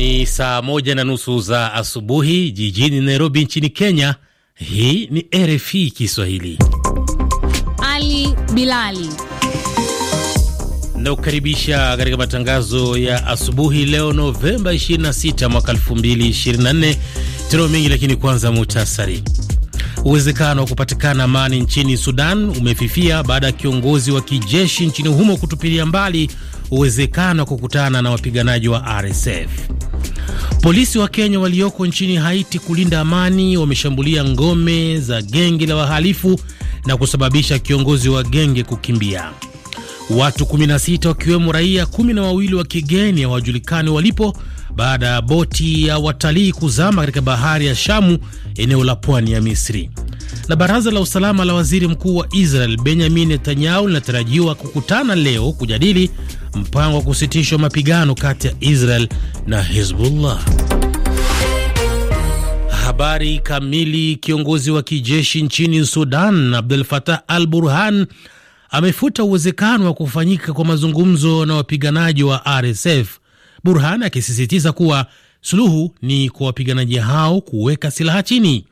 Ni saa moja na nusu za asubuhi jijini Nairobi nchini Kenya. Hii ni RFI Kiswahili. Ali Bilali nakukaribisha katika matangazo ya asubuhi leo Novemba 26 mwaka 2024. Tunao mengi lakini kwanza muhtasari. Uwezekano wa kupatikana amani nchini Sudan umefifia baada ya kiongozi wa kijeshi nchini humo kutupilia mbali uwezekano wa kukutana na wapiganaji wa RSF. Polisi wa Kenya walioko nchini Haiti kulinda amani wameshambulia ngome za genge la wahalifu na kusababisha kiongozi wa genge kukimbia. Watu 16 wakiwemo raia kumi na wawili wa kigeni hawajulikani walipo baada ya boti ya watalii kuzama katika bahari ya Shamu, eneo la pwani ya Misri. Na baraza la usalama la waziri mkuu wa Israel Benjamin Netanyahu linatarajiwa kukutana leo kujadili mpango wa kusitishwa mapigano kati ya Israel na Hezbollah. Habari kamili. Kiongozi wa kijeshi nchini Sudan abdul fatah al Burhan amefuta uwezekano wa kufanyika kwa mazungumzo na wapiganaji wa RSF, Burhan akisisitiza kuwa suluhu ni kwa wapiganaji hao kuweka silaha chini.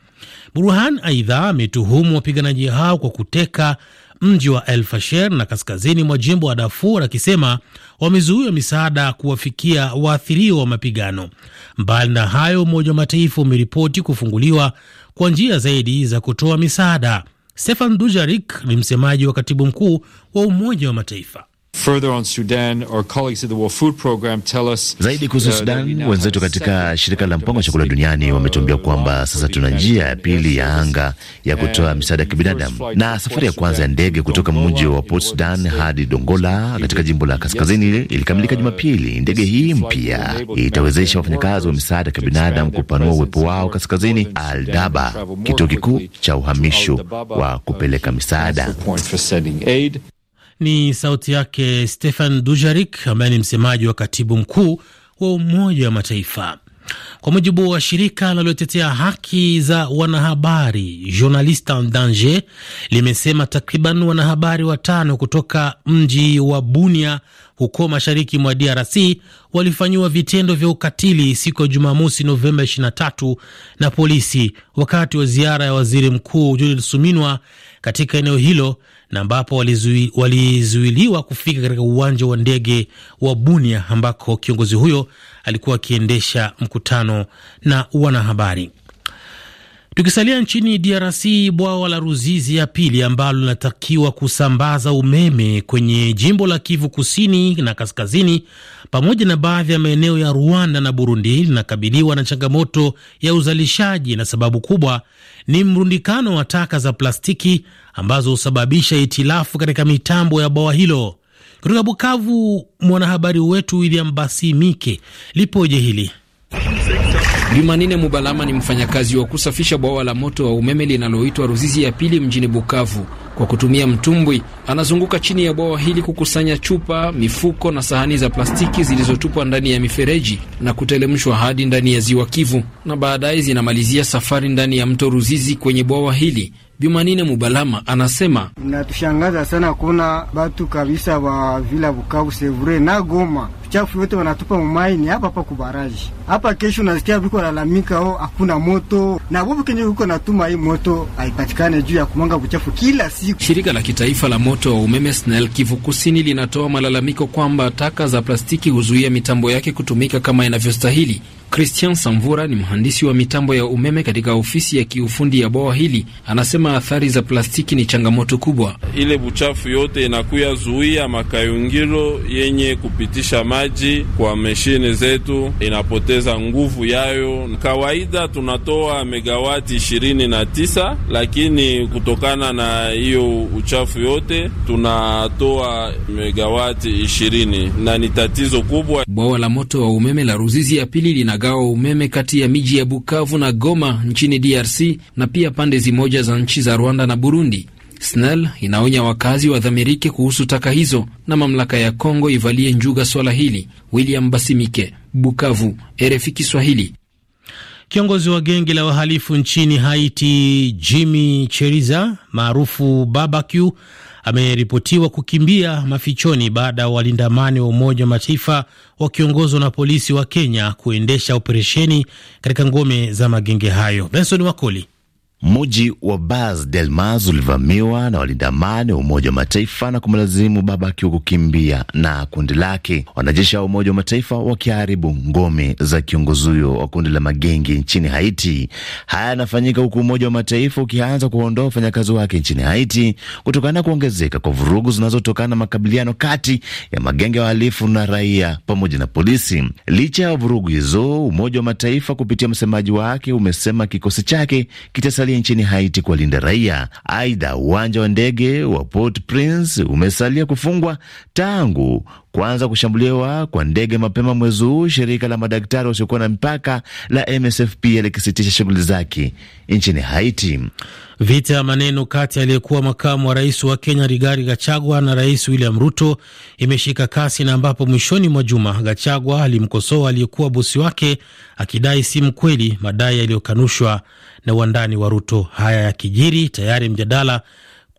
Burhan aidha ametuhumu wapiganaji hao kwa kuteka mji wa El Fasher na kaskazini mwa jimbo wa Darfur akisema wamezuiwa misaada kuwafikia waathiriwa wa mapigano. Mbali na hayo, Umoja wa Mataifa umeripoti kufunguliwa kwa njia zaidi za kutoa misaada. Stefan Dujarik ni msemaji wa katibu mkuu wa Umoja wa Mataifa. Zaidi kuhusu uh, Sudan, wenzetu katika shirika la mpango wa chakula duniani uh, wametuambia kwamba uh, sasa tuna njia ya pili ya anga ya kutoa misaada ya kibinadamu, na safari ya kwanza ya ndege kutoka mji wa Port Sudan hadi Dongola katika jimbo la kaskazini ilikamilika Jumapili. Ndege hii mpya itawezesha wafanyakazi wa misaada ya kibinadamu kupanua uwepo wao kaskazini Aldaba, kituo kikuu cha uhamisho wa kupeleka misaada. Ni sauti yake Stefan Dujarik ambaye ni msemaji wa katibu mkuu wa Umoja wa Mataifa. Kwa mujibu wa shirika linalotetea haki za wanahabari Journalist en Danger limesema takriban wanahabari watano kutoka mji wa Bunia huko mashariki mwa DRC walifanyiwa vitendo vya ukatili siku ya Jumamosi, Novemba 23 na polisi wakati wa ziara ya waziri mkuu Judith Suminwa katika eneo hilo na ambapo walizuiliwa wali kufika katika uwanja wa ndege wa Bunia ambako kiongozi huyo alikuwa akiendesha mkutano na wanahabari. Tukisalia nchini DRC, bwawa la Ruzizi ya pili ambalo linatakiwa kusambaza umeme kwenye jimbo la Kivu kusini na kaskazini pamoja na baadhi ya maeneo ya Rwanda na Burundi linakabiliwa na changamoto ya uzalishaji, na sababu kubwa ni mrundikano wa taka za plastiki ambazo husababisha hitilafu katika mitambo ya bwawa hilo. Kutoka Bukavu, mwanahabari wetu William Basimike, lipoje hili? Jumanine Mubalama ni mfanyakazi wa kusafisha bwawa la moto wa umeme linaloitwa Ruzizi ya pili mjini Bukavu. Kwa kutumia mtumbwi, anazunguka chini ya bwawa hili kukusanya chupa, mifuko na sahani za plastiki zilizotupwa ndani ya mifereji na kutelemshwa hadi ndani ya ziwa Kivu, na baadaye zinamalizia safari ndani ya mto Ruzizi kwenye bwawa hili Bimanine Mubalama anasema mnatushangaza sana kuona batu kabisa wa vila Bukavu, Sevure na Goma chafu yote wanatupa mumaini hapa hapa kubaraji hapa. Kesho nasikia viko lalamika, o oh, hakuna moto na bubu kenye viko natuma hii moto haipatikane juu ya kumanga buchafu kila siku. Shirika la kitaifa la moto wa umeme SNEL Kivu Kusini linatoa malalamiko kwamba taka za plastiki huzuia mitambo yake kutumika kama inavyostahili. Christian Samvura ni mhandisi wa mitambo ya umeme katika ofisi ya kiufundi ya bwawa hili, anasema athari za plastiki ni changamoto kubwa. Ile buchafu yote inakuya zuia makayungilo yenye kupitisha maji kwa mashine zetu, inapoteza nguvu yayo. Kawaida tunatoa megawati ishirini na tisa, lakini kutokana na hiyo uchafu yote tunatoa megawati ishirini na ni tatizo kubwa. Bwawa la moto wa umeme la Ruzizi ya pili lina mgao wa umeme kati ya miji ya Bukavu na Goma nchini DRC na pia pande zimoja za nchi za Rwanda na Burundi. SNEL inaonya wakazi wadhamirike kuhusu taka hizo na mamlaka ya Kongo ivalie njuga swala hili. William Basimike, Bukavu, RFI Kiswahili. Kiongozi wa genge la wahalifu nchini Haiti Jimmy Cheriza maarufu Barbecue ameripotiwa kukimbia mafichoni baada ya walinda amani wa Umoja wa Mataifa wakiongozwa na polisi wa Kenya kuendesha operesheni katika ngome za magenge hayo. Benson Wakoli. Mji wa Bas Delmas ulivamiwa na walinda amani wa Umoja wa Mataifa na kumlazimu baba akiwa kukimbia na kundi lake. Wanajeshi wa Umoja wa Mataifa wakiharibu ngome za kiongozi huyo wa kundi la magenge nchini Haiti. Haya yanafanyika huku Umoja wa Mataifa ukianza kuondoa wafanyakazi wake nchini Haiti kutokana na kuongezeka kwa vurugu zinazotokana na makabiliano kati ya magenge ya wahalifu na raia pamoja na polisi. Licha ya vurugu hizo, Umoja wa Mataifa kupitia msemaji wake umesema kikosi chake kitasa itasalia nchini Haiti kuwalinda raia. Aidha, uwanja wa ndege wa Port Prince umesalia kufungwa tangu kuanza kushambuliwa kwa ndege mapema mwezi huu, shirika la madaktari wasiokuwa na mpaka la MSF pia likisitisha shughuli zake nchini Haiti. Vita ya maneno kati aliyekuwa makamu wa rais wa Kenya rigari Gachagua na rais William Ruto imeshika kasi, na ambapo mwishoni mwa juma Gachagua alimkosoa aliyekuwa bosi wake akidai si mkweli, madai yaliyokanushwa na wandani wa Ruto. Haya ya kijiri tayari mjadala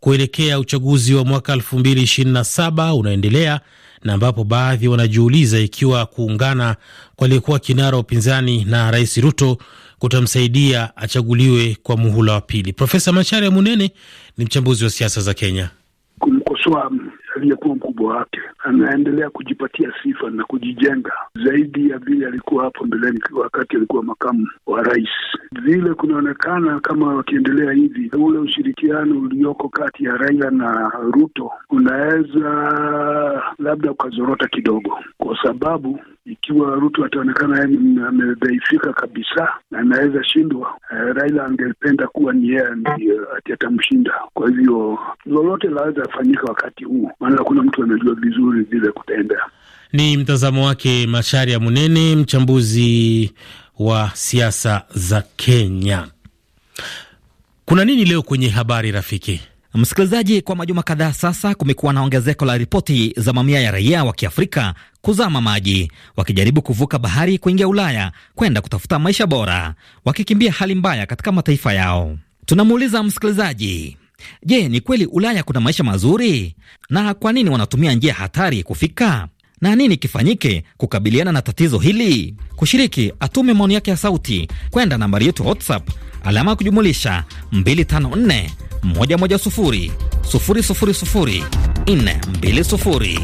kuelekea uchaguzi wa mwaka 2027 unaendelea na ambapo baadhi wanajiuliza ikiwa kuungana kwa aliyekuwa kinara wa upinzani na Rais Ruto kutamsaidia achaguliwe kwa muhula wa pili. Profesa Machare Munene ni mchambuzi wa siasa za Kenya. kumkosoa aliyekuwa mkubwa wake anaendelea kujipatia sifa na kujijenga zaidi ya vile alikuwa hapo mbeleni wakati alikuwa makamu wa rais. Vile kunaonekana kama wakiendelea hivi, ule ushirikiano ulioko kati ya Raila na Ruto unaweza labda ukazorota kidogo, kwa sababu ikiwa Ruto ataonekana amedhaifika kabisa na anaweza shindwa, eh, Raila angependa kuwa ni yeye ndiye ati atamshinda. Kwa hivyo lolote laweza fanyika wakati huu, maana kuna mtu anajua vizuri vile kutaendea. Ni mtazamo wake Masharia Munene, mchambuzi wa siasa za Kenya. Kuna nini leo kwenye habari rafiki? Msikilizaji, kwa majuma kadhaa sasa kumekuwa na ongezeko la ripoti za mamia ya raia wa Kiafrika kuzama maji wakijaribu kuvuka bahari kuingia Ulaya kwenda kutafuta maisha bora, wakikimbia hali mbaya katika mataifa yao. Tunamuuliza msikilizaji, je, ni kweli Ulaya kuna maisha mazuri na kwa nini wanatumia njia hatari kufika? na nini kifanyike kukabiliana na tatizo hili? Kushiriki, atume maoni yake ya sauti kwenda nambari yetu WhatsApp alama ya kujumulisha 254 110 000 420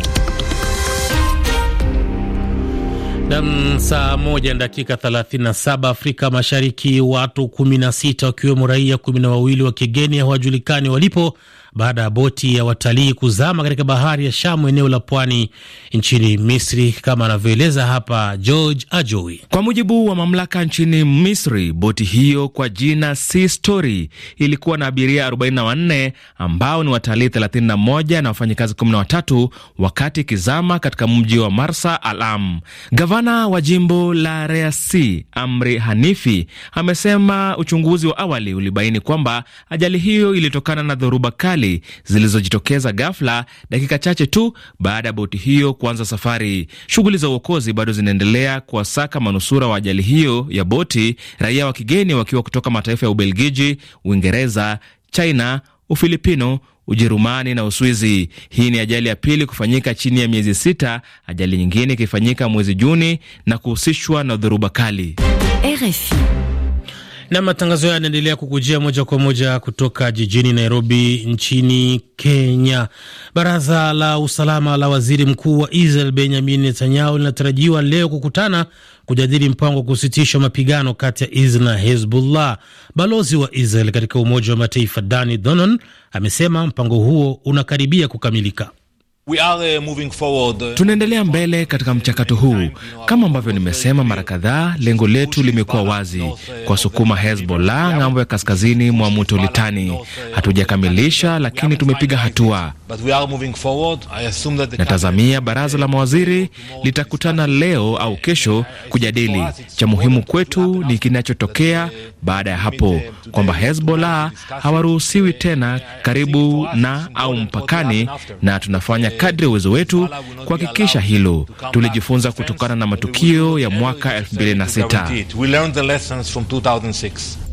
Nam, saa moja na dakika 37 Afrika Mashariki. Watu 16 wakiwemo raia kumi na wawili wa kigeni hawajulikani walipo baada ya boti ya watalii kuzama katika bahari ya Shamu, eneo la pwani nchini Misri, kama anavyoeleza hapa George Ajoi. Kwa mujibu wa mamlaka nchini Misri, boti hiyo kwa jina Sea Story ilikuwa na abiria 44 ambao ni watalii 31 na wafanyikazi 13 wakati ikizama katika mji wa Marsa Alam. Gavana wa jimbo la Reasi Amri Hanifi amesema uchunguzi wa awali ulibaini kwamba ajali hiyo ilitokana na dhoruba kali mbili zilizojitokeza ghafla dakika chache tu baada ya boti hiyo kuanza safari. Shughuli za uokozi bado zinaendelea kuwasaka manusura wa ajali hiyo ya boti, raia wa kigeni wakiwa kutoka mataifa ya Ubelgiji, Uingereza, China, Ufilipino, Ujerumani na Uswizi. Hii ni ajali ya pili kufanyika chini ya miezi sita, ajali nyingine ikifanyika mwezi Juni na kuhusishwa na dhoruba kali. RFI na matangazo haya yanaendelea kukujia moja kwa moja kutoka jijini Nairobi nchini Kenya. Baraza la usalama la waziri mkuu wa Israel Benyamin Netanyahu linatarajiwa leo kukutana kujadili mpango wa kusitisha mapigano kati ya Israel na Hezbollah. Balozi wa Israel katika Umoja wa Mataifa Dani Donon amesema mpango huo unakaribia kukamilika. We are uh, moving forward. Tunaendelea mbele katika mchakato huu. Kama ambavyo nimesema mara kadhaa, lengo letu limekuwa wazi kwa sukuma Hezbollah ng'ambo ya kaskazini mwa mto Litani. Hatujakamilisha, lakini tumepiga hatua. Natazamia baraza la mawaziri litakutana leo au kesho kujadili. Cha muhimu kwetu ni kinachotokea baada ya hapo, kwamba Hezbollah hawaruhusiwi tena karibu na au mpakani, na tunafanya kadri uwezo wetu kuhakikisha hilo. Tulijifunza kutokana na matukio ya mwaka 2006.